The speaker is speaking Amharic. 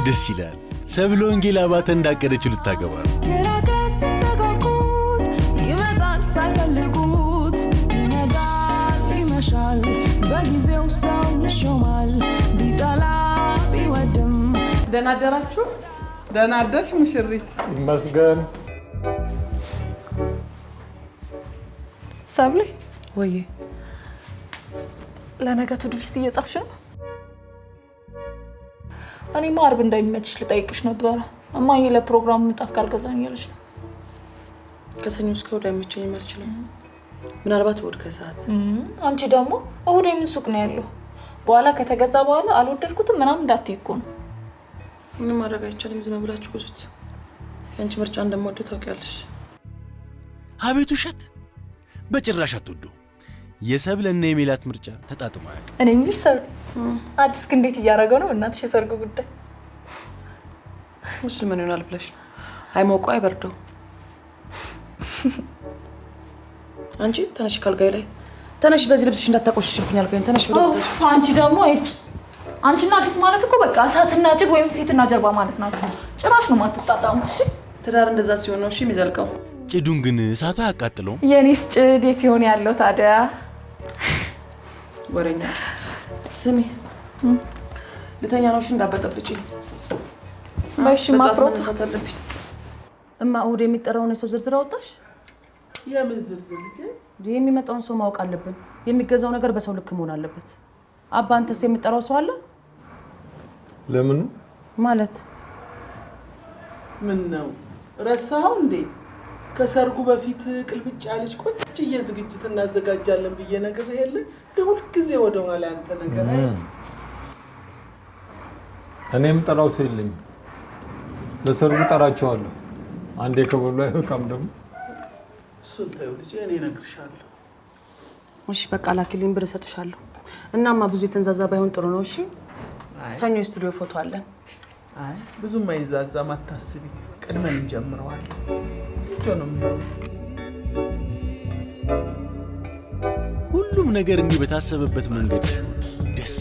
እንዴት ደስ ይላል! ሰብለ ወንጌል አባተ እንዳቀደች ልታገባ ነው። ይመጣል ሳይፈልጉት፣ ደህና አደራችሁ። ደህና አደርሽ ሙሽሪት። ይመስገን። ሰብለ ወይ ለነገ ቱድሊስት እየጻፍሽ ነው? እኔማ አርብ እንዳይመችሽ ልጠይቅሽ ነበረ። እማዬ ለፕሮግራሙ ምንጣፍ ካልገዛን እያለች ነው። ከሰኞ እስከ እሑድ አይመቸኝም አልችልም። ምናልባት እሑድ ከሰዓት። አንቺ ደግሞ እሑድ የምን ሱቅ ነው ያለው? በኋላ ከተገዛ በኋላ አልወደድኩትም ምናምን እንዳትዪ እኮ ነው። ምንም ማድረግ አይቻልም። ዝም ብላችሁ ጉዙት። የአንቺ ምርጫ እንደምወደው ታውቂያለሽ። አቤት ውሸት! በጭራሽ አትወዱ። የሰብለና የሜላት ምርጫ ተጣጥሞ አያውቅም። እኔ የሚል ሰብል አዲስ እንዴት እያደረገው ነው? እናትሽ የሰርጉ ጉዳይ እሱ ምን ይሆናል ብለሽ ነው? አይሞቀ አይበርደው። አንቺ ተነሽ፣ ካልጋይ ላይ ተነሽ። በዚህ ልብስሽ እንዳታቆሽሽብኝ አልጋኝ። ተነሽ አንቺ ደግሞ አንቺና አዲስ ማለት እኮ በቃ እሳትና ጭድ ወይም ፊትና ጀርባ ማለት ናቸው። ጭራሽ ነው የማትጣጣሙ። ትዳር እንደዛ ሲሆን ነው የሚዘልቀው። ጭዱን ግን እሳቱ አያቃጥለውም። የኔስ ጭድ የት ይሆን ያለው ታዲያ? ወረኛ ስሚ ልተኛ ነው። እሺ እንዳበጠብጭኝ መነሳት አለብኝ። እማ እሁድ የሚጠራውን የሰው ዝርዝር አወጣሽ? የምን ዝርዝር? የሚመጣውን ሰው ማወቅ አለብን። የሚገዛው ነገር በሰው ልክ መሆን አለበት። አባ አንተስ የምጠራው ሰው አለ? ለምኑ ማለት ምን ነው? ረሳኸው እንዴ? ከሰርጉ በፊት ቅልብጭ ያለች ቆንጅዬ ዝግጅት እናዘጋጃለን ብዬ ነገር የለ ደሁል ጊዜ ወደ ኋላ ያንተ ነገር እኔም ጠራው ሲልኝ ለሰርጉ ጠራቸዋለሁ። አንዴ ከበሉ አይበቃም ደግሞ እሱን ታዩ ልጅ እኔ እነግርሻለሁ። እሺ በቃ ላኪልኝ፣ ብር እሰጥሻለሁ። እናማ ብዙ የተንዛዛ ባይሆን ጥሩ ነው። እሺ ሰኞ ስቱዲዮ ፎቶ አለን። አይ ብዙም አይዛዛም፣ አታስቢ፣ ቅድመን እንጀምረዋለን። ነው የሚሆነው። ሁሉም ነገር እንዲህ በታሰበበት መንገድ ደስ